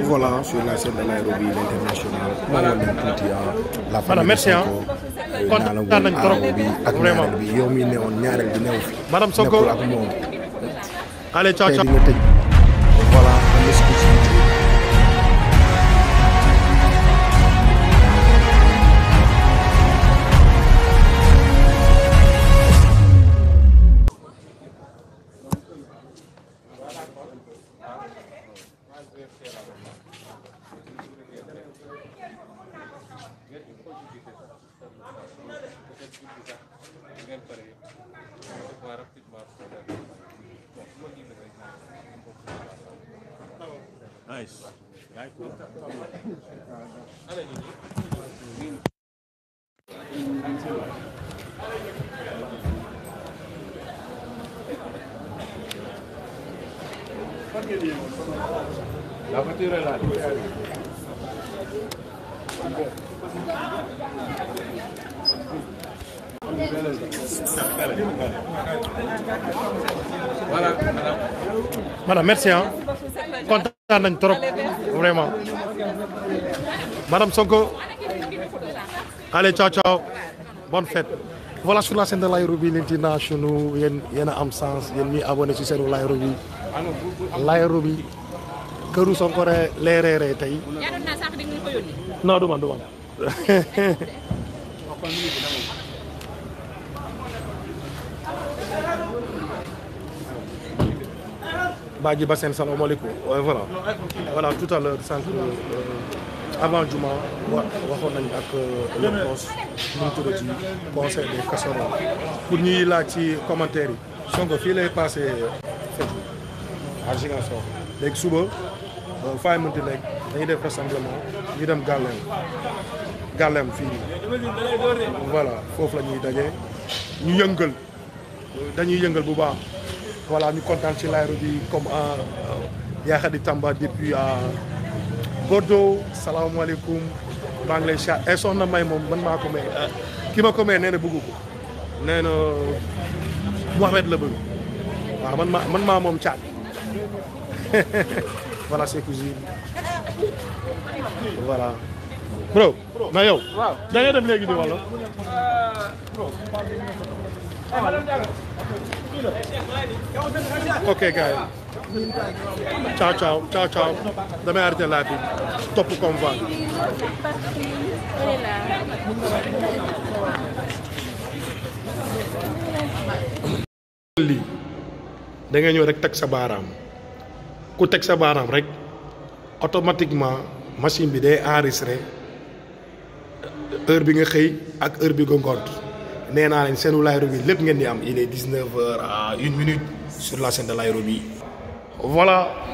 Voilà, sur la scène de Nairobi, l'international. maa ngi leen tuuti la famille. merci ah kontaan nañ trop ak ñaareel bi yow mi newoon ñaareel bi new fi. madame Sonko nekkul ak moom. allez ciao ciao tey tuuti sax di ngeen pare dama rapidement La voiture est là. voilà madame merci ah kontaan nañ trop vraiment madame Sonko allez ciao ciao bonne fête voilà sur la chaîne de Laye Roby a am sens yéen ñuy abonné si seenu Laye Roby këru Sonko re lee reeree tey non du man Badji Bassène salaamaaleykum voilà voilà tout à l'heure sànq euh, euh, avant juma wa waxoon nañ ak euh, le pos nu mu tuddati conseil des casseroles pour ñuy laaj ci commentaire yi Sonko fii lay passé fête à Ziguinchor léegi suba faay mënti nekk dañuy def rassemblement ñu dem gàlleem gàlleem fii voilà foofu la ñuy dajee ñu yëngal dañuy yëngal bu baax voilà ñu kontaan ci laayro bi comme à euh, euh, Yakhadi Tamba depuis à euh, Bordeaux salaamaaleykum maa ngi lay chat e eh, soxna may moom man maa ko may ki ma ko may nee na bëgg ko la bëgg waaw man maa moom caat voilà c'est cuisine voilà bro na yow da dem léegi di wala ok gars yi ciao ciao ciao ciao ñëw rek teg sa baaraam ku teg sa baaraam rekk automatiquement machine bi day enregistré heure bi nga xëy ak heure bi nga ngont nee naa leen seenu Laye-Roby lépp ngeen di am ine est 19 heures à une minute sur la scène de Laye-Roby voilà